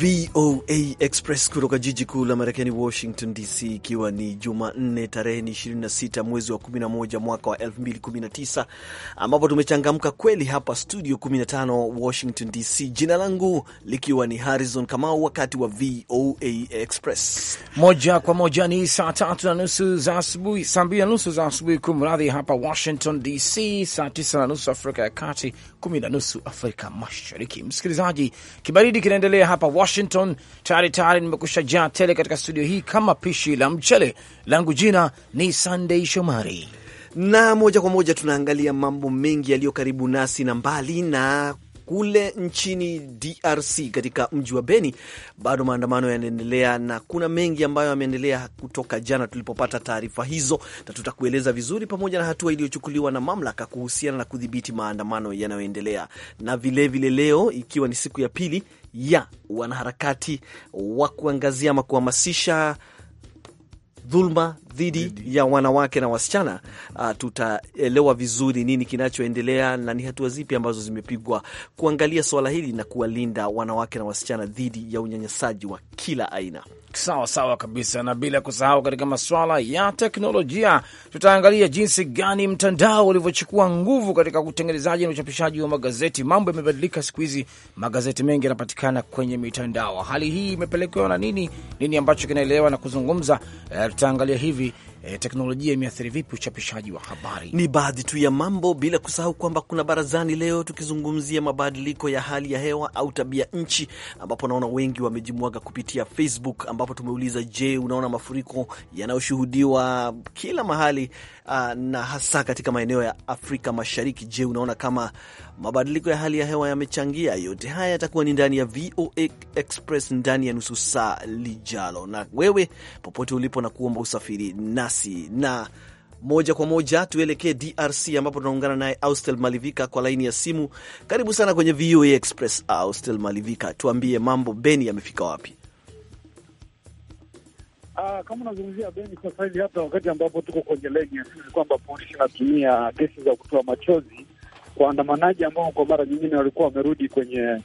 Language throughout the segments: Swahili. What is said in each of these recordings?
VOA Express kutoka jiji kuu la Marekani, Washington DC, ikiwa ni Jumanne tarehe ni 26 mwezi wa 11 mwaka wa 2019, ambapo tumechangamka kweli hapa studio 15 Washington DC. Jina langu likiwa ni Harrison Kamau, wakati wa VOA Express moja kwa moja ni saa tatu na nusu za asubuhi, saa mbili na nusu za asubuhi, kumradhi, hapa Washington DC, saa tisa na nusu Afrika ya Kati, kumi na nusu Afrika Mashariki. Msikilizaji, kibaridi kinaendelea hapa Washington Washington. Tayari tayari nimekusha jaa tele katika studio hii kama pishi la mchele. Langu jina ni Sunday Shomari na moja kwa moja tunaangalia mambo mengi yaliyo karibu nasi na mbali na kule nchini DRC katika mji wa Beni bado maandamano yanaendelea, na kuna mengi ambayo yameendelea kutoka jana tulipopata taarifa hizo, na tutakueleza vizuri, pamoja na hatua iliyochukuliwa na mamlaka kuhusiana na kudhibiti maandamano yanayoendelea. Na vilevile vile leo ikiwa ni siku ya pili ya wanaharakati wa kuangazia ama kuhamasisha dhuluma dhidi ya wanawake na wasichana, uh, tutaelewa vizuri nini kinachoendelea na ni hatua zipi ambazo zimepigwa kuangalia swala hili na kuwalinda wanawake na wasichana dhidi ya unyanyasaji wa kila aina. Sawa sawa kabisa, na bila kusahau katika masuala ya teknolojia tutaangalia jinsi gani mtandao ulivyochukua nguvu katika utengenezaji na uchapishaji wa magazeti. Mambo yamebadilika siku hizi, magazeti mengi yanapatikana kwenye mitandao. Hali hii imepelekewa na nini? Nini ambacho kinaelewa na kuzungumza, eh, tutaangalia hivi e, teknolojia imeathiri vipi uchapishaji wa habari. Ni baadhi tu ya mambo, bila kusahau kwamba kuna barazani leo tukizungumzia mabadiliko ya hali ya hewa au tabia nchi, ambapo naona wengi wamejimwaga kupitia Facebook, ambapo tumeuliza je, unaona mafuriko yanayoshuhudiwa kila mahali uh, na hasa katika maeneo ya Afrika Mashariki. Je, unaona kama mabadiliko ya hali ya hewa yamechangia? Yote haya yatakuwa ni ndani ya VOA Express ndani ya nusu saa lijalo, na wewe popote ulipo na kuomba usafiri nasi na moja kwa moja tuelekee DRC ambapo tunaungana naye Austel Malivika kwa laini ya simu. Karibu sana kwenye VOA Express, Austel Malivika, tuambie mambo Beni yamefika wapi? Uh, kama unazungumzia Beni sasa hivi, hata wakati ambapo tuko kwenye ya sisi kwamba polisi inatumia gesi za kutoa machozi kwa waandamanaji ambao kwa mara nyingine walikuwa wamerudi kwenye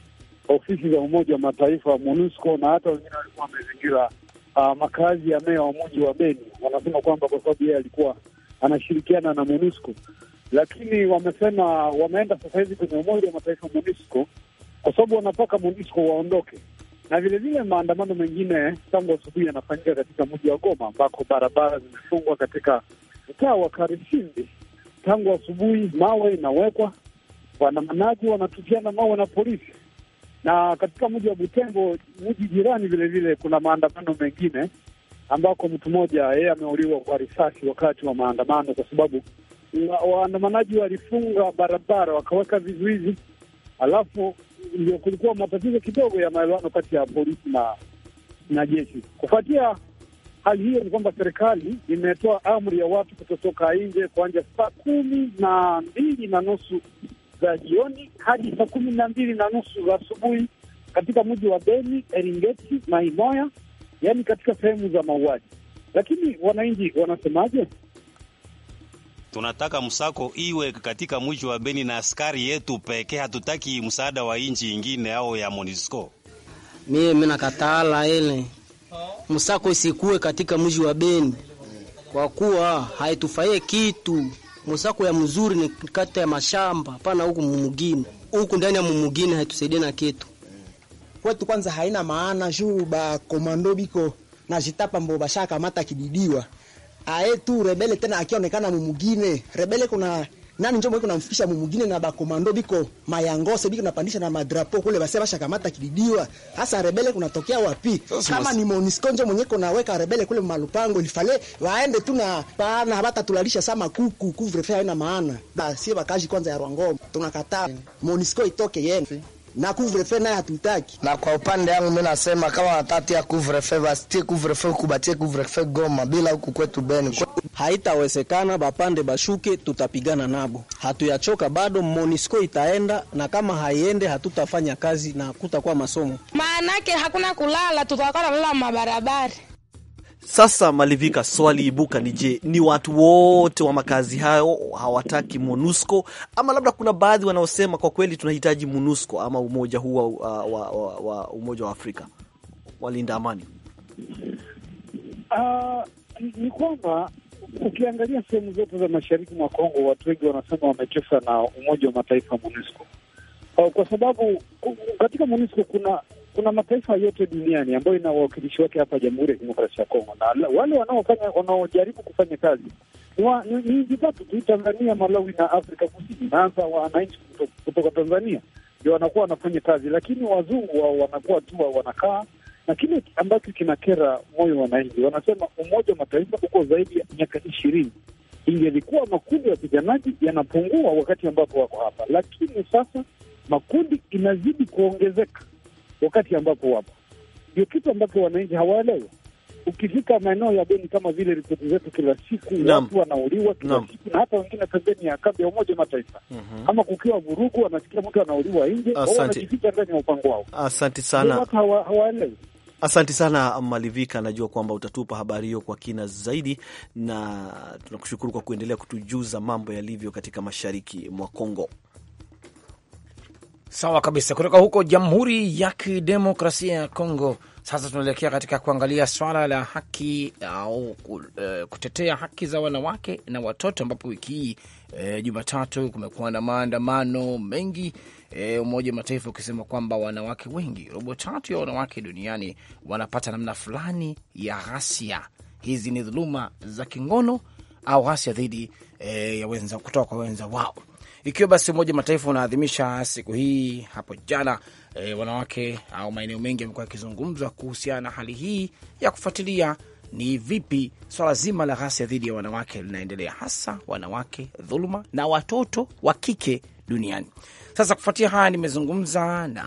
ofisi za Umoja wa Mataifa MONUSCO, na hata wengine walikuwa wamezingira uh, makazi ya meya wa mji wa Beni. Wanasema kwamba kwa sababu yeye alikuwa anashirikiana na MONUSCO, lakini wamesema wameenda sasa hivi kwenye Umoja wa Mataifa MONUSCO kwa sababu wanataka MONUSCO waondoke na vilevile maandamano mengine tangu asubuhi yanafanyika katika mji wa Goma ambako barabara zimefungwa katika mtaa wa Karishindi tangu asubuhi. Mawe inawekwa, waandamanaji wanatupiana mawe na polisi. Na katika mji wa Butembo, mji jirani, vilevile kuna maandamano mengine ambako mtu mmoja yeye ameuliwa kwa risasi wakati wa maandamano, kwa sababu waandamanaji walifunga barabara wakaweka vizuizi, alafu ndio kulikuwa matatizo kidogo ya maelewano kati ya polisi na na jeshi. Kufuatia hali hiyo, ni kwamba serikali imetoa amri ya watu kutotoka nje kuanja saa kumi na mbili na nusu za jioni hadi saa kumi na mbili na nusu za asubuhi katika mji wa Beni, Eringeti, Mai Moya, yaani katika sehemu za mauaji. Lakini wananchi wanasemaje? Tunataka msako iwe katika mji wa Beni na askari yetu pekee, hatutaki msaada wa nchi ingine au ya MONUSCO. Mie katala ile msako isikue katika mji wa Beni kwa kuwa haitufaie kitu. Msako ya mzuri ni kata ya mashamba, hapana huku mumugini, huku ndani ya mumugini haitusaidie na kitu kwetu. Kwanza haina maana juu ba komando biko na jitapa mbo bashaka mata kididiwa ae tu rebele tena akionekana mumugine rebele kuna nani njombo iko namfikisha mumugine na bakomando biko mayangose biko napandisha na madrapo kule basi basha kamata kididiwa hasa rebele kuna tokea wapi? Kama ni Monisco njombo mwenye kuna weka rebele kule malupango ilifale waende tu na pana hata tulalisha sama kuku couvre feu haina maana. Basi bakaji kwanza ya Rwangoma tunakataa Monisco itoke yenu na couvre-feu naye hatutaki. Na kwa upande yangu mi nasema kama wanatatia couvre-feu basitie couvre-feu kubatie couvre-feu Goma bila huku kwetu Beni. Haitawezekana, bapande bashuke, tutapigana nabo. Hatuyachoka bado, Monisco itaenda na kama haiende hatutafanya kazi na kutakuwa masomo. Maanake hakuna kulala, tutakuwa nalala mabarabara. Sasa Malivika, swali ibuka ni je, ni watu wote wa makazi hayo hawataki MONUSCO ama labda kuna baadhi wanaosema kwa kweli tunahitaji MONUSCO ama umoja huu wa, wa, wa, wa Umoja wa Afrika walinda amani? Uh, ni kwamba ukiangalia sehemu zote za mashariki mwa Kongo watu wengi wanasema wamechosa na Umoja wa Mataifa MONUSCO, kwa sababu katika MONUSCO kuna kuna mataifa yote duniani ambayo ina wawakilishi wake hapa Jamhuri ya Kidemokrasia ya Kongo, na wale wanaofanya wanaojaribu kufanya kazi ni nchi tatu tu, Tanzania, Malawi na Afrika Kusini, na hasa wananchi kutoka Tanzania ndio wanakuwa wanafanya kazi, lakini wazungu wao wanakuwa tu wanakaa na kile ambacho kinakera moyo wananchi, wanasema Umoja wa Mataifa uko zaidi ya miaka ishirini. Ingelikuwa makundi ya wapiganaji yanapungua wakati ambapo wako hapa, lakini sasa makundi inazidi kuongezeka wakati ambapo wapo. Ndio kitu ambacho wananchi hawaelewa. Ukifika maeneo ya Beni kama vile ripoti zetu kila siku, watu wanauliwa kila siku, na hata wengine pembeni ya kambi ya Umoja Mataifa mm -hmm. ama kukiwa vurugu, wanasikia mtu anauliwa nje au wanajificha ndani ya upango wao. Asante sana, watu hawaelewi. Asante sana Malivika, najua kwamba utatupa habari hiyo kwa kina zaidi, na tunakushukuru kwa kuendelea kutujuza mambo yalivyo katika mashariki mwa Kongo. Sawa kabisa. Kutoka huko Jamhuri ya Kidemokrasia ya Kongo, sasa tunaelekea katika kuangalia swala la haki au eh, kutetea haki za wanawake na watoto, ambapo wiki hii e, Jumatatu kumekuwa na maandamano mengi e, Umoja wa Mataifa ukisema kwamba wanawake wengi, robo tatu ya wanawake duniani wanapata namna fulani ya ghasia. Hizi ni dhuluma za kingono au ghasia dhidi e, ya wenza, kutoka kwa wenza wao ikiwa basi Umoja Mataifa unaadhimisha siku hii hapo jana e, wanawake au maeneo mengi yamekuwa yakizungumzwa kuhusiana na hali hii ya kufuatilia ni vipi swala so zima la ghasia dhidi ya wanawake linaendelea, hasa wanawake, dhuluma na watoto wa kike duniani. Sasa kufuatia haya, nimezungumza na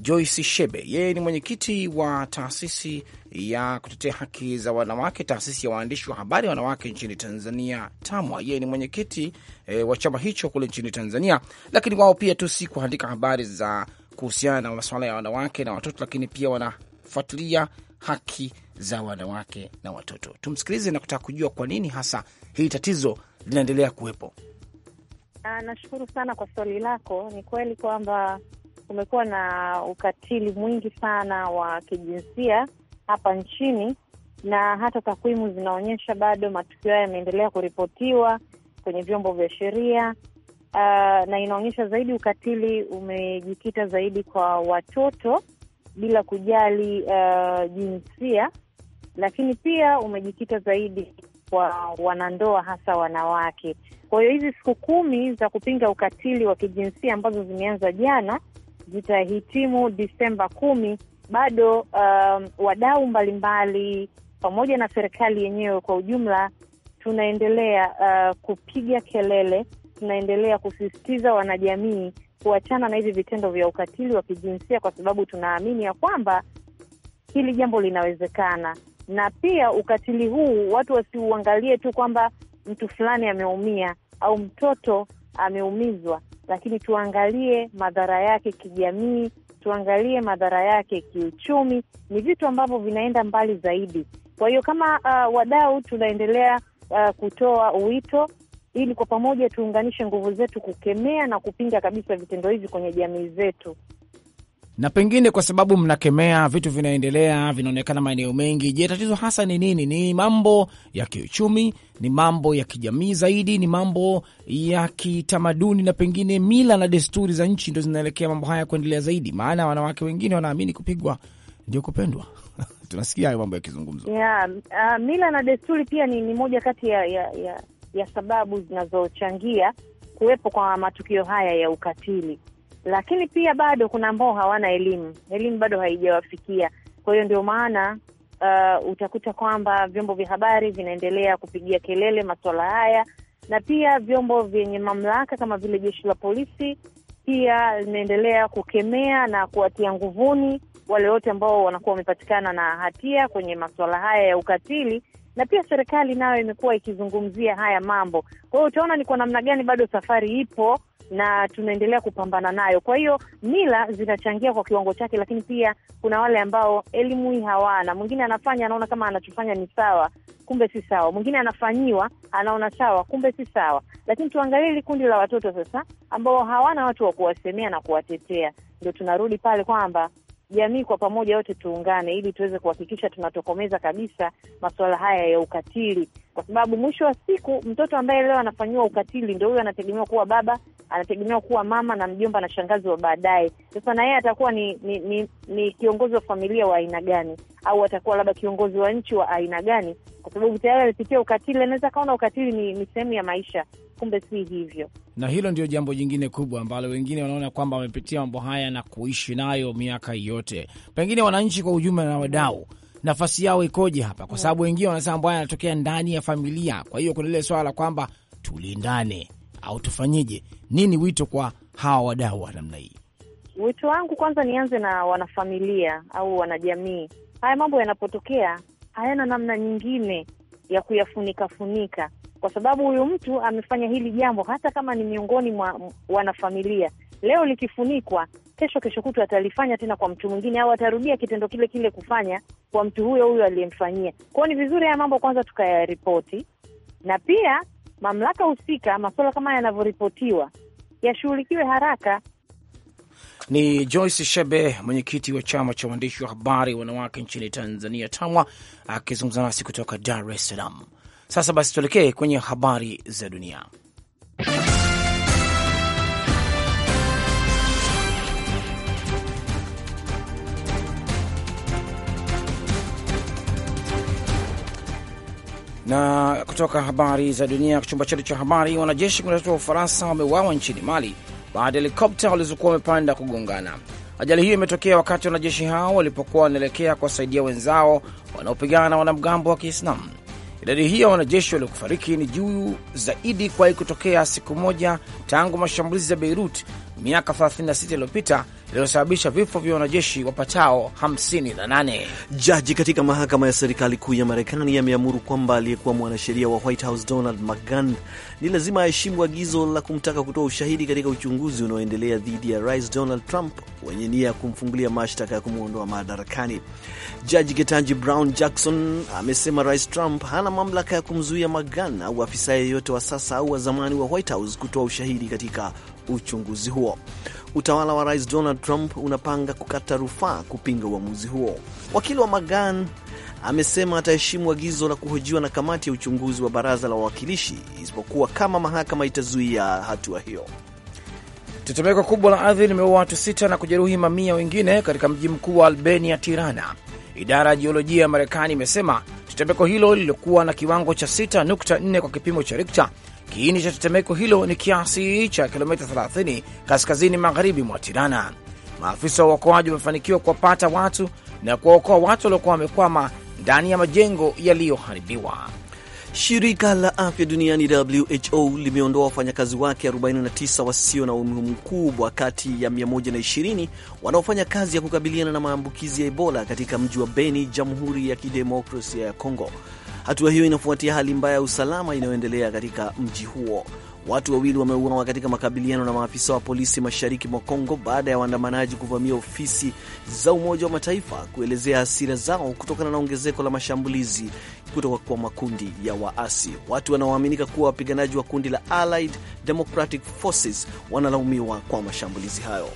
Joyce Shebe, yeye ni mwenyekiti wa taasisi ya kutetea haki za wanawake, taasisi ya waandishi wa habari wanawake nchini Tanzania, TAMWA. Yeye ni mwenyekiti e, wa chama hicho kule nchini Tanzania, lakini wao pia tu si kuandika habari za kuhusiana na masuala ya wanawake na watoto, lakini pia wanafuatilia haki za wanawake na watoto. Tumsikilize na kutaka kujua kwa nini hasa hili tatizo linaendelea kuwepo. Ah, nashukuru sana kwa swali lako. Ni kweli kwamba kumekuwa na ukatili mwingi sana wa kijinsia hapa nchini, na hata takwimu zinaonyesha bado matukio haya yameendelea kuripotiwa kwenye vyombo vya sheria. Uh, na inaonyesha zaidi ukatili umejikita zaidi kwa watoto bila kujali uh, jinsia, lakini pia umejikita zaidi kwa wanandoa, hasa wanawake. Kwa hiyo hizi siku kumi za kupinga ukatili wa kijinsia ambazo zimeanza jana zitahitimu Disemba kumi, bado um, wadau mbalimbali pamoja na serikali yenyewe kwa ujumla tunaendelea uh, kupiga kelele, tunaendelea kusisitiza wanajamii kuachana na hivi vitendo vya ukatili wa kijinsia, kwa sababu tunaamini ya kwamba hili jambo linawezekana, na pia ukatili huu watu wasiuangalie tu kwamba mtu fulani ameumia au mtoto ameumizwa, lakini tuangalie madhara yake kijamii, tuangalie madhara yake kiuchumi. Ni vitu ambavyo vinaenda mbali zaidi. Kwa hiyo kama uh, wadau tunaendelea uh, kutoa wito ili kwa pamoja tuunganishe nguvu zetu kukemea na kupinga kabisa vitendo hivi kwenye jamii zetu na pengine kwa sababu mnakemea vitu vinaendelea, vinaonekana maeneo mengi. Je, tatizo hasa ni nini? Ni mambo ya kiuchumi? Ni mambo ya kijamii zaidi? Ni mambo ya kitamaduni? Na pengine mila na desturi za nchi ndo zinaelekea mambo haya kuendelea zaidi, maana wanawake wengine wanaamini kupigwa ndio kupendwa. Tunasikia hayo mambo yakizungumzwa. Yeah, uh, mila na desturi pia ni, ni moja kati ya, ya, ya, ya sababu zinazochangia kuwepo kwa matukio haya ya ukatili lakini pia bado kuna ambao hawana elimu, elimu bado haijawafikia. Kwa hiyo ndio maana uh, utakuta kwamba vyombo vya habari vinaendelea kupigia kelele masuala haya, na pia vyombo vyenye mamlaka kama vile jeshi la polisi pia linaendelea kukemea na kuwatia nguvuni wale wote ambao wanakuwa wamepatikana na hatia kwenye masuala haya ya ukatili, na pia serikali nayo imekuwa ikizungumzia haya mambo. Kwa hiyo utaona ni kwa namna gani bado safari ipo na tunaendelea kupambana nayo. Kwa hiyo mila zinachangia kwa kiwango chake, lakini pia kuna wale ambao elimu hii hawana. Mwingine anafanya anaona kama anachofanya ni sawa, kumbe si sawa. Mwingine anafanyiwa anaona sawa, kumbe si sawa. Lakini tuangalie hili kundi la watoto sasa, ambao hawana watu wa kuwasemea na kuwatetea. Ndio tunarudi pale kwamba jamii kwa pamoja yote tuungane, ili tuweze kuhakikisha tunatokomeza kabisa masuala haya ya ukatili, kwa sababu mwisho wa siku mtoto ambaye leo anafanyiwa ukatili ndo huyo anategemewa kuwa baba anategemewa kuwa mama na mjomba na shangazi wa baadaye. Sasa na yeye atakuwa ni ni, ni ni kiongozi wa familia wa aina gani, au atakuwa labda kiongozi wa nchi wa aina gani? Kwa sababu tayari alipitia ukatili, anaweza akaona ukatili ni, ni sehemu ya maisha, kumbe si hivyo. Na hilo ndio jambo jingine kubwa ambalo wengine wanaona kwamba wamepitia mambo haya na kuishi nayo miaka yote. Pengine wananchi kwa ujumla na wadau nafasi yao ikoje hapa? Kwa sababu wengine wanasema haya anatokea ndani ya familia, kwa hiyo kuna lile swala la kwamba tulindane au tufanyeje? Nini wito kwa hawa wadau wa namna hii? Wito wangu kwanza, nianze na wanafamilia au wanajamii. Haya mambo yanapotokea hayana namna nyingine ya kuyafunika funika, kwa sababu huyu mtu amefanya hili jambo, hata kama ni miongoni mwa wanafamilia. Leo likifunikwa, kesho kesho kutu atalifanya tena kwa mtu mwingine, au atarudia kitendo kile kile kufanya kwa mtu huyo huyo aliyemfanyia. Kwao ni vizuri haya mambo kwanza tukayaripoti, na pia mamlaka husika, masuala kama yanavyoripotiwa yashughulikiwe haraka. Ni Joyce Shebe, mwenyekiti wa chama cha waandishi wa habari wanawake nchini Tanzania, TAMWA, akizungumza nasi kutoka Dar es Salaam. Sasa basi, tuelekee kwenye habari za dunia. Na kutoka habari za dunia chumba chetu cha habari, wanajeshi kumi wa Ufaransa wameuawa nchini Mali baada ya helikopta walizokuwa wamepanda kugongana. Ajali hiyo imetokea wakati wanajeshi hao walipokuwa wanaelekea kuwasaidia wenzao wanaopigana na wanamgambo wa Kiislamu. Idadi hiyo ya wanajeshi waliokufariki ni juu zaidi kuwahi kutokea siku moja tangu mashambulizi ya Beirut miaka 36 iliyopita lililosababisha vifo vya wanajeshi wapatao 58. Jaji katika mahakama ya serikali kuu ya Marekani ameamuru kwamba aliyekuwa mwanasheria wa White House Donald McGahn ni lazima aheshimu agizo la kumtaka kutoa ushahidi katika uchunguzi unaoendelea dhidi ya Rais Donald Trump wenye nia ya kumfungulia mashtaka ya kumwondoa madarakani. Jaji Ketanji Brown Jackson amesema Rais Trump hana mamlaka ya kumzuia McGahn au afisa yeyote wa sasa au wa zamani wa White House kutoa ushahidi katika uchunguzi huo. Utawala wa Rais Donald Trump unapanga kukata rufaa kupinga uamuzi huo. Wakili wa Magan amesema ataheshimu agizo la kuhojiwa na kamati ya uchunguzi wa baraza la wawakilishi isipokuwa kama mahakama itazuia hatua hiyo. Tetemeko kubwa la ardhi limeua watu sita na kujeruhi mamia wengine katika mji mkuu wa Albania, Tirana, Idara ya jiolojia ya Marekani imesema tetemeko hilo lilikuwa na kiwango cha 6.4 kwa kipimo cha Rikta. Kiini cha tetemeko hilo ni kiasi cha kilomita 30 kaskazini magharibi mwa Tirana. Maafisa wa uokoaji wamefanikiwa kuwapata watu na kuwaokoa watu waliokuwa wamekwama ndani ya majengo yaliyoharibiwa. Shirika la afya duniani WHO limeondoa wafanyakazi wake 49 wasio na umuhimu mkubwa kati ya 120 wanaofanya kazi ya kukabiliana na maambukizi ya Ebola katika mji wa Beni, Jamhuri ya Kidemokrasia ya Kongo. Hatua hiyo inafuatia hali mbaya ya usalama inayoendelea katika mji huo. Watu wawili wameuawa katika makabiliano na maafisa wa polisi mashariki mwa Kongo baada ya waandamanaji kuvamia ofisi za Umoja wa Mataifa kuelezea hasira zao kutokana na ongezeko la mashambulizi kutoka kwa makundi ya waasi. Watu wanaoaminika kuwa wapiganaji wa kundi la Allied Democratic Forces wanalaumiwa kwa mashambulizi hayo.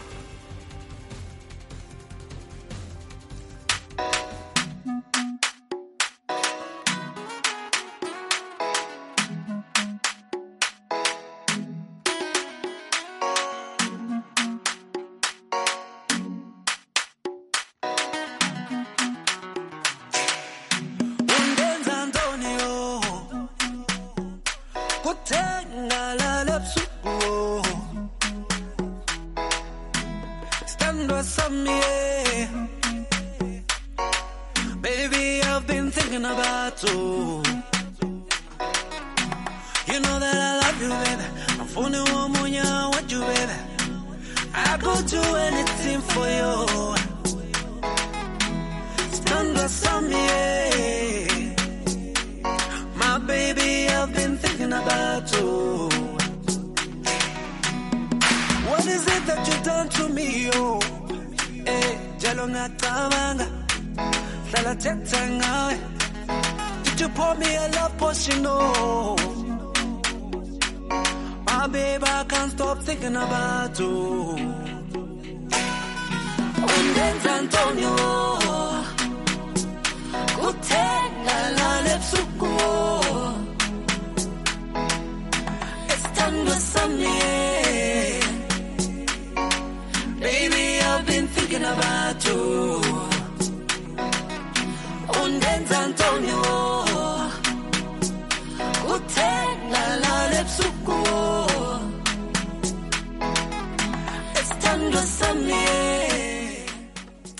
hlala thetha ngawe did you pour me a love potion no my babe I can't stop thinking about you undenza Antonio kuthela lana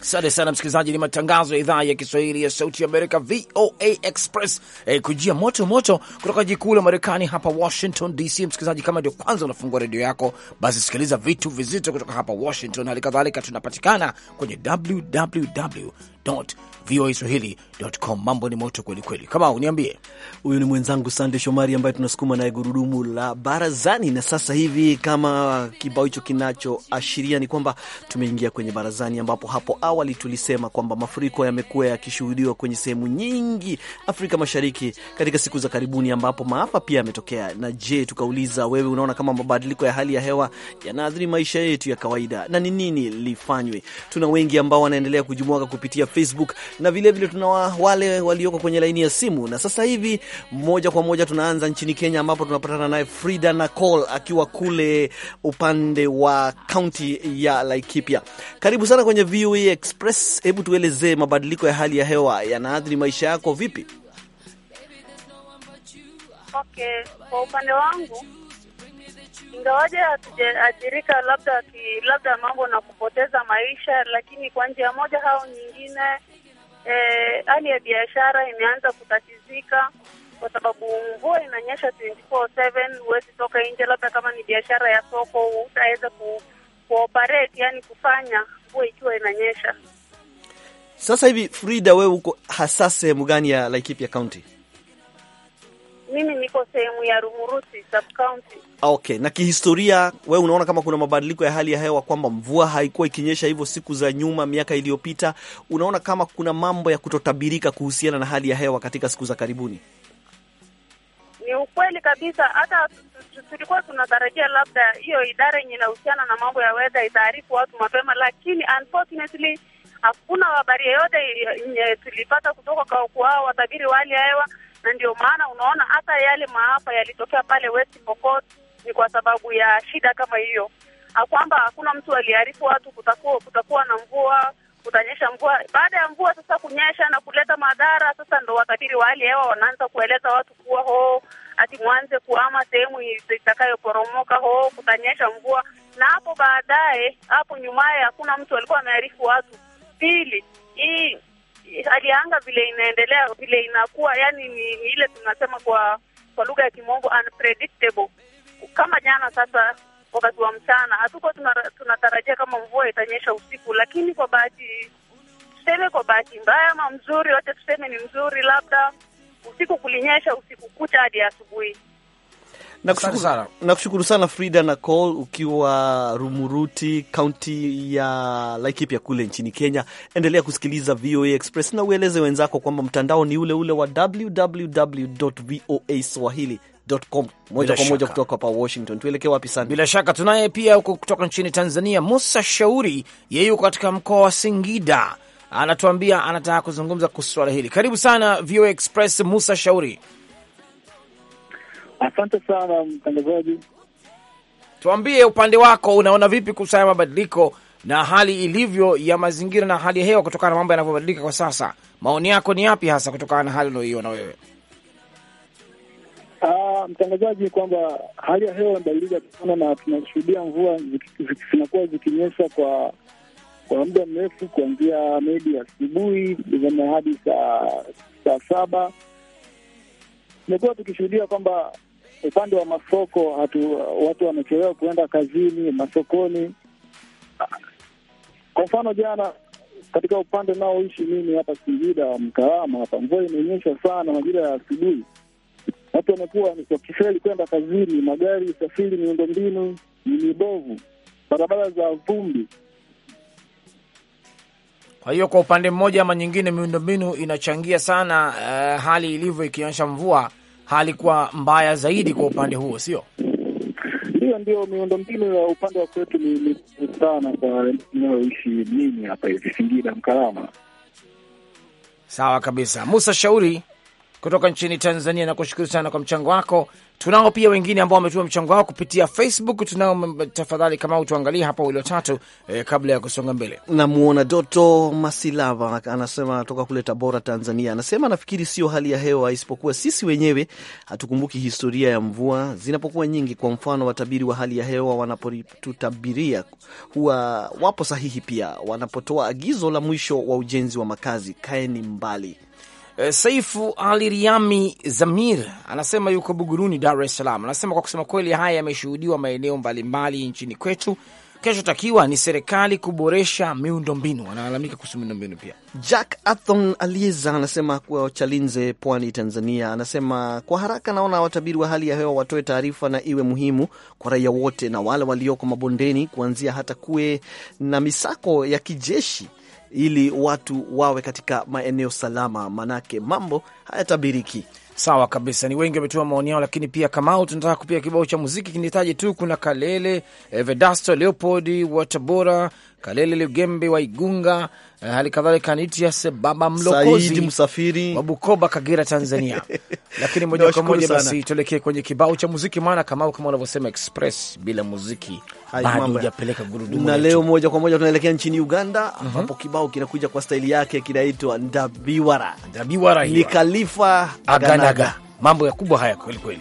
Asante sana msikilizaji, ni matangazo ya idhaa ya Kiswahili ya Sauti Amerika, VOA Express e, kujia moto moto kutoka jikuu la Marekani hapa Washington DC. Msikilizaji, kama ndio kwanza unafungua redio yako, basi sikiliza vitu vizito kutoka hapa Washington. Hali kadhalika tunapatikana kwenye www voaswahili.com. Mambo ni moto kweli kweli. Kama uniambie, huyu ni mwenzangu Sande Shomari ambaye tunasukuma naye gurudumu la barazani, na sasa hivi kama kibao hicho kinachoashiria ni kwamba tumeingia kwenye barazani, ambapo hapo awali awali tulisema kwamba mafuriko yamekuwa yakishuhudiwa kwenye sehemu nyingi Afrika Mashariki katika siku za karibuni, ambapo maafa pia yametokea. Na je, tukauliza wewe, unaona kama mabadiliko ya hali ya hewa yanaathiri maisha yetu ya kawaida na ni nini lifanywe? Tuna wengi ambao wanaendelea kujumuika kupitia Facebook na vilevile vile tuna wale walioko kwenye laini ya simu, na sasa hivi moja kwa moja tunaanza nchini Kenya, ambapo tunapatana naye Frida Nakol akiwa kule upande wa kaunti ya Laikipia. Karibu sana kwenye VOA e Express, hebu tuelezee mabadiliko ya hali ya hewa yanaathiri maisha yako vipi? Okay, kwa upande wangu ingawaje hatujaathirika labda ki, labda mambo na kupoteza maisha, lakini kwa njia moja au nyingine eh, hali ya biashara imeanza kutatizika kwa sababu mvua inanyesha 24/7 huwezi toka nje, labda kama ni biashara ya soko utaweza ku, kuoperate yani kufanya mvua ikiwa inanyesha. Sasa hivi, Frida, wewe uko hasa sehemu gani ya Laikipia County? Mimi niko sehemu ya Rumuruti sub county. Ah, okay, na kihistoria, wewe unaona kama kuna mabadiliko ya hali ya hewa kwamba mvua haikuwa ikinyesha hivyo siku za nyuma, miaka iliyopita? Unaona kama kuna mambo ya kutotabirika kuhusiana na hali ya hewa katika siku za karibuni? ni ukweli kabisa. Hata tulikuwa tunatarajia labda hiyo idara yenye inahusiana na mambo ya weather itaarifu watu mapema, lakini unfortunately hakuna habari yoyote yenye tulipata kutoka kwa kuwao watabiri wa hali ya hewa, na ndio maana unaona hata yale maafa yalitokea pale West Pokot ni kwa sababu ya shida kama hiyo, kwamba hakuna mtu aliarifu watu kutakuwa kutakuwa na mvua kutanyesha mvua. Baada ya mvua sasa kunyesha na kuleta madhara, sasa ndo watabiri wa hali hewa wanaanza kueleza watu kuwa ho ati mwanze kuama sehemu itakayoporomoka, ho kutanyesha mvua. Na hapo baadaye, hapo nyumaye, hakuna mtu alikuwa amearifu watu. Pili, hii hali ya anga vile inaendelea vile inakuwa, yani ni, ni ile tunasema kwa kwa lugha ya Kimongo unpredictable. Kama jana sasa wakati wa mchana. Hatuko tunatarajia kama mvua itanyesha usiku, lakini kwa bahati tuseme, kwa bahati mbaya ama mzuri, wacha tuseme ni mzuri, labda usiku kulinyesha usiku kucha hadi asubuhi. Nakushukuru sana, nakushukuru sana Frida na Col, ukiwa Rumuruti, kaunti ya Laikipia kule nchini Kenya. Endelea kusikiliza VOA Express na ueleze wenzako kwamba mtandao ni ule ule wa www.voaswahili.com, moja kwa moja kutoka hapa Washington. Tuelekee wapi sana? Bila shaka tunaye pia huko kutoka nchini Tanzania, Musa Shauri, yeye yuko katika mkoa wa Singida, anatuambia anataka kuzungumza kuhusu swala hili. Karibu sana VOA Express, Musa Shauri. Asante sana mtangazaji. Tuambie upande wako, unaona vipi kuhusu mabadiliko na hali ilivyo ya mazingira na hali ya hewa kutokana na mambo yanavyobadilika kwa sasa? Maoni yako ni yapi hasa kutokana na hali unaoiona wewe? Uh, mtangazaji, kwamba hali ya hewa imebadilika sana na tunashuhudia mvua zinakuwa zikinyesha kwa kwa muda mrefu kuanzia medi asubuhi hadi saa saa saba. Tumekuwa tukishuhudia kwamba upande wa masoko hatu, watu wamechelewa kuenda kazini masokoni. Kwa mfano jana katika upande naoishi mimi hapa Singida Mkarama hapa, mvua imeonyesha sana majira ya asubuhi, watu wamekuwa wakifeli kwenda kazini, magari usafiri, miundombinu ni mibovu, barabara za vumbi. Kwa hiyo kwa upande mmoja ama nyingine, miundombinu inachangia sana uh, hali ilivyo ikionyesha mvua hali kuwa mbaya zaidi kwa upande huo, sio? Hiyo ndio miundo mbinu ya upande wa kwetu ni sana kwa inayoishi mimi hapa hivi Singida Mkalama. Sawa kabisa, Musa Shauri kutoka nchini Tanzania na kushukuru sana kwa mchango wako. Tunao pia wengine ambao wametuma mchango wao kupitia Facebook. Tunao tafadhali, kama utuangalie hapa ulio tatu eh, kabla ya kusonga mbele. Namwona Doto Masilava anasema toka kule Tabora, Tanzania, anasema nafikiri sio hali ya hewa, isipokuwa sisi wenyewe hatukumbuki historia ya mvua zinapokuwa nyingi. Kwa mfano, watabiri wa hali ya hewa wanapotutabiria huwa wapo sahihi, pia wanapotoa agizo la mwisho wa ujenzi wa makazi, kaeni mbali. Eh, Saifu Ali Riami Zamir anasema yuko Buguruni, Dar es Salaam. Anasema kwa kusema kweli, haya yameshuhudiwa maeneo mbalimbali nchini kwetu. Kinachotakiwa ni serikali kuboresha miundombinu. Analalamika kuhusu miundombinu pia. Jack Athon Aliza anasema kuwa Chalinze, Pwani, Tanzania, anasema kwa haraka, naona watabiri wa hali ya hewa watoe taarifa na iwe muhimu kwa raia wote na wale walioko mabondeni, kuanzia hata kuwe na misako ya kijeshi ili watu wawe katika maeneo salama, manake mambo hayatabiriki. Sawa kabisa, ni wengi wametuma maoni yao, lakini pia Kamau, tunataka kupia kibao cha muziki. kinahitaji tu kuna Kalele Vedasto Leopold wa Tabora Kalele Lugembe wa Igunga, eh, hali kadhalika Nitias Baba Mlokozi Msafiri wa Bukoba, Kagera, Tanzania. Lakini moja kwa moja basi tuelekee kwenye kibao cha muziki, maana Kamau, kama unavyosema express, bila muziki bado hujapeleka gurudumu. Na leo moja kwa moja tunaelekea nchini Uganda mhm. ambapo mm -hmm. kibao kinakuja kwa staili yake, kinaitwa Ndabiwara. Ndabiwara ni Khalifa Aganaga. Mambo ya kubwa haya kweli kweli.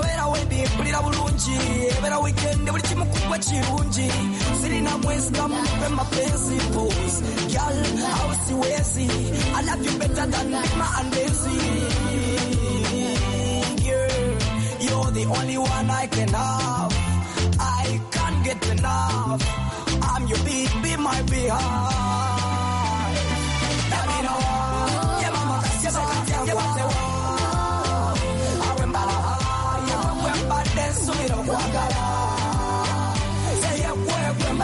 wera wedimpulira bulungi ebera wikendi buli kimu kugwa kirungi sirina mwezi gamupe mapenzi pose gyal awo siwezi I love you better than Lima and Daisy Girl, you're the only one I can have I can't get enough I'm your baby, my behalf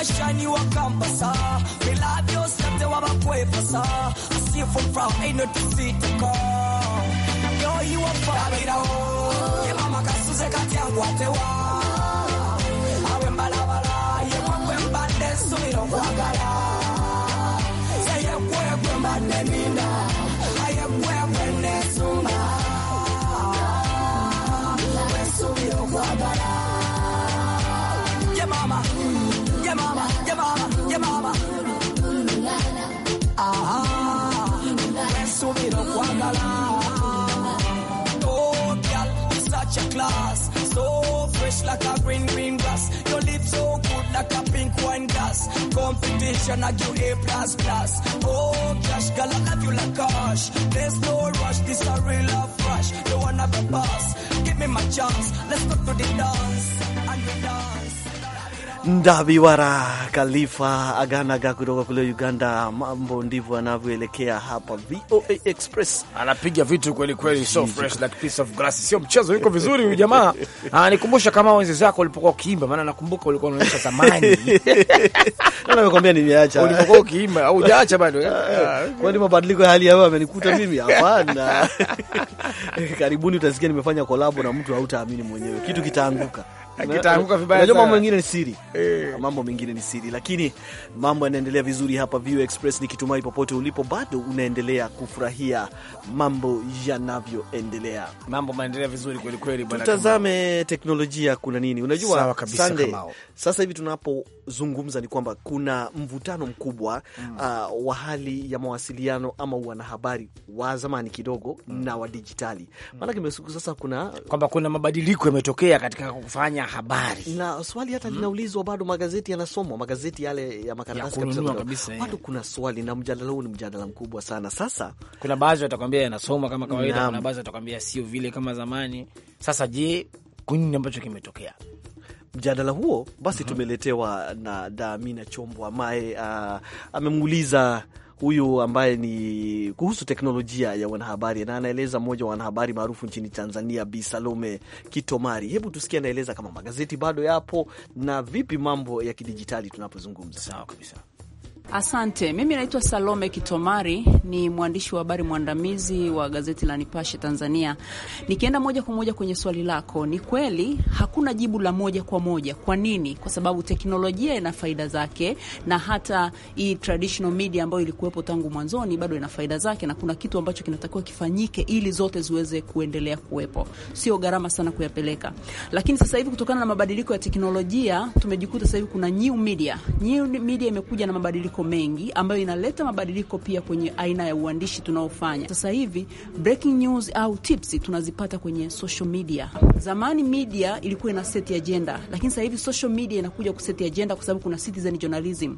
washani wakampasa vilavyosate wabakwepasa asifu from inotisiteko yoyiwafabirao yemama kasuze katyangu atewa awe mbalabala yemwakwe mbande nsubira okwagala like a green green grass. Your lips so good like a pink wine glass. Competition I give A plus plus. Oh, cash, girl, I love you like a hush. There's no rush, this a real love rush. You wanna be boss? Give me my chance. Let's go to the dance and we dance. Ndabiwara Khalifa Aganaga kutoka kule Uganda. Mambo ndivyo anavyoelekea hapa VOA Express, anapiga vitu kweli kweli, so fresh like piece of grass, sio mchezo, yuko vizuri huyu jamaa. Ah, nikumbusha kama wenzi zako walipokuwa ukiimba, maana nakumbuka ulikuwa unaonyesha zamani, nakwambia nimeacha, ulipokuwa ukiimba au hujaacha bado? Kwani mabadiliko ya hali ya hewa amenikuta mimi? Hapana. Karibuni utasikia nimefanya kolabo na mtu hautaamini mwenyewe, kitu kitaanguka akitaanguka vibaya sana. Mambo mengine ni siri eh, mambo mengine ni siri, lakini mambo yanaendelea vizuri hapa View Express, nikitumai popote ulipo bado unaendelea kufurahia mambo yanavyoendelea. Mambo yanaendelea vizuri kweli kweli bwana. Tutazame teknolojia, kuna nini? Unajua Sunday, sasa hivi tunapozungumza ni kwamba kuna mvutano mkubwa mm, uh, wa hali ya mawasiliano ama wanahabari wa zamani kidogo mm, na wa dijitali maanake mm, sasa kuna kwamba kuna mabadiliko yametokea katika kufanya habari, na swali hata mhm. linaulizwa bado, magazeti yanasomwa, magazeti yale ya makaratasi kabisa, kabisa eh. bado kuna swali, na mjadala huu ni mjadala mkubwa sana. Sasa kuna baadhi watakwambia yanasomwa kama kawaida, kuna baadhi watakwambia sio vile kama zamani. Sasa je, kunini ambacho kimetokea mjadala huo? Basi mm -hmm. tumeletewa na Damina Chombo ambaye uh, amemuuliza huyu ambaye ni kuhusu teknolojia ya wanahabari, na anaeleza mmoja wa wanahabari maarufu nchini Tanzania, Bi Salome Kitomari. Hebu tusikie anaeleza kama magazeti bado yapo na vipi mambo ya kidijitali tunapozungumza. Sawa kabisa. Asante. Mimi naitwa Salome Kitomari, ni mwandishi wa habari mwandamizi wa gazeti la Nipashe Tanzania. Nikienda moja kwa moja kwenye swali lako, ni kweli hakuna jibu la moja kwa moja. Kwa nini? Kwa sababu teknolojia ina faida zake, na hata hii traditional media ambayo ilikuwepo tangu mwanzoni bado ina faida zake, na kuna kitu ambacho kinatakiwa kifanyike ili zote ziweze kuendelea kuwepo. Sio gharama sana kuyapeleka, lakini sasa hivi kutokana na mabadiliko ya teknolojia tumejikuta sasa hivi kuna new media. New media imekuja na mabadiliko mabadiliko mengi ambayo inaleta mabadiliko pia kwenye aina ya uandishi tunaofanya sasa hivi. Breaking news au tips tunazipata kwenye social media. Zamani media ilikuwa ina set agenda, lakini sasa hivi social media inakuja kuseti agenda kwa sababu kuna citizen journalism.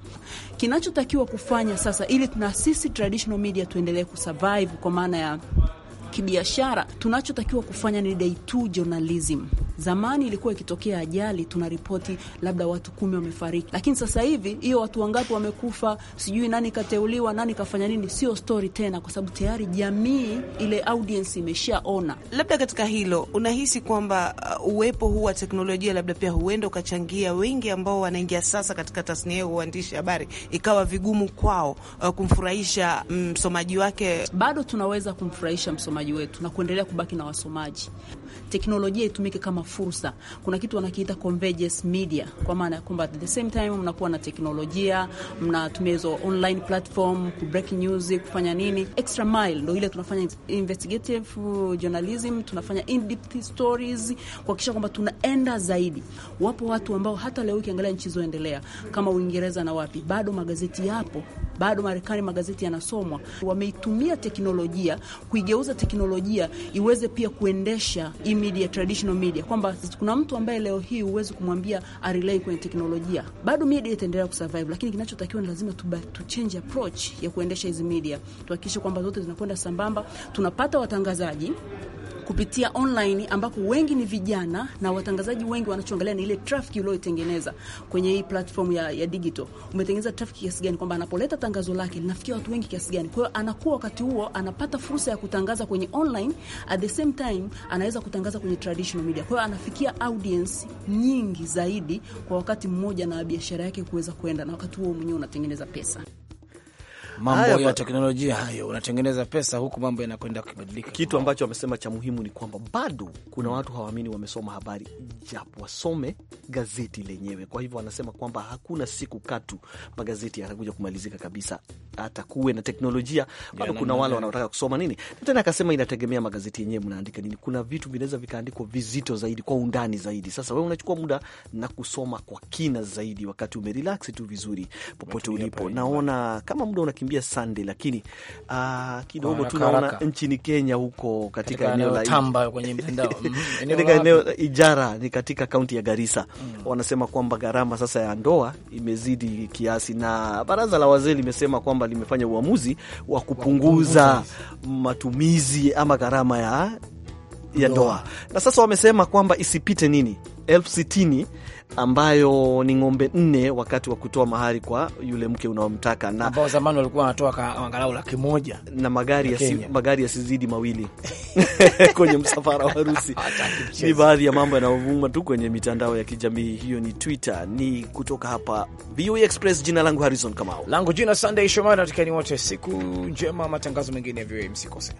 Kinachotakiwa kufanya sasa, ili tuna sisi traditional media tuendelee kusurvive kwa maana ya kibiashara, tunachotakiwa kufanya ni day two journalism Zamani ilikuwa ikitokea ajali tunaripoti labda watu kumi wamefariki, lakini sasa hivi hiyo watu wangapi wamekufa, sijui nani kateuliwa, nani kafanya nini, sio stori tena, kwa sababu tayari jamii ile audience imeshaona. Labda katika hilo unahisi kwamba uh, uwepo huu wa teknolojia labda pia huenda ukachangia wengi ambao wanaingia sasa katika tasnia ya uandishi habari ikawa vigumu kwao uh, kumfurahisha mm, msomaji mm, wake. Bado tunaweza kumfurahisha msomaji wetu na kuendelea kubaki na wasomaji teknolojia itumike kama fursa. Kuna kitu wanakiita convergence media, kwa maana ya kwamba at the same time mnakuwa na teknolojia, mnatumia hizo online platform ku break news, kufanya nini extra mile, ndo ile tunafanya investigative journalism, tunafanya in depth stories kuhakikisha kwamba tunaenda zaidi. Wapo watu ambao hata leo ukiangalia nchi zoendelea kama Uingereza na wapi, bado magazeti yapo, bado Marekani magazeti yanasomwa. Wameitumia teknolojia kuigeuza teknolojia iweze pia kuendesha hii media, traditional media, kwamba kuna mtu ambaye leo hii huwezi kumwambia arelay kwenye teknolojia, bado media itaendelea kusurvive, lakini kinachotakiwa ni lazima tuchange approach ya kuendesha hizi media, tuhakikishe kwamba zote zinakwenda sambamba, tunapata watangazaji kupitia online ambapo wengi ni vijana na watangazaji wengi wanachoangalia ni ile traffic uliyotengeneza kwenye hii platform ya, ya digital. Umetengeneza traffic kiasi gani kwamba anapoleta tangazo lake linafikia watu wengi kiasi gani? Kwa hiyo anakuwa wakati huo anapata fursa ya kutangaza kwenye online, at the same time anaweza kutangaza kwenye traditional media. Kwa hiyo anafikia audience nyingi zaidi kwa wakati mmoja, na biashara yake kuweza kwenda, na wakati huo mwenyewe unatengeneza pesa mambo ya teknolojia hayo, unatengeneza pesa huku mambo yanakwenda kubadilika. Kitu ambacho wamesema cha muhimu ni kwamba bado kuna watu hawaamini wamesoma habari, japo wasome gazeti lenyewe. Kwa hivyo wanasema kwamba hakuna siku katu magazeti yatakuja kumalizika kabisa, hata kuwe na teknolojia bado kuna wale wanaotaka kusoma nini. Tena akasema inategemea magazeti yenyewe mnaandika nini. Kuna vitu vinaweza vikaandikwa vizito zaidi, kwa undani zaidi. Sasa wewe unachukua muda na kusoma kwa kina zaidi, wakati umerelax tu vizuri popote ulipo. Naona kama muda una kukimbia Sunday, lakini uh, kidogo tunaona nchini Kenya huko katika eneo la tamba kwenye mtandao mm, katika eneo Ijara ni katika kaunti ya Garissa mm. Wanasema kwamba gharama sasa ya ndoa imezidi kiasi, na baraza la wazee limesema kwamba limefanya uamuzi wa kupunguza, wa kupunguza matumizi ama gharama ya ya ndoa. Na sasa wamesema kwamba isipite nini elfu sitini ambayo ni ng'ombe nne wakati wa kutoa mahari kwa yule mke unaomtaka, na ambao zamani walikuwa wanatoa angalau laki moja na magari yasi, magari yasizidi mawili kwenye msafara wa harusi. Ni baadhi ya mambo yanayovuma tu kwenye mitandao ya kijamii. Hiyo ni Twitter. Ni kutoka hapa VOA Express. Jina langu Harrison Kamau, langu jina Sunday Shomari. Natakieni wote siku njema. Matangazo mengine ya VOA msikose.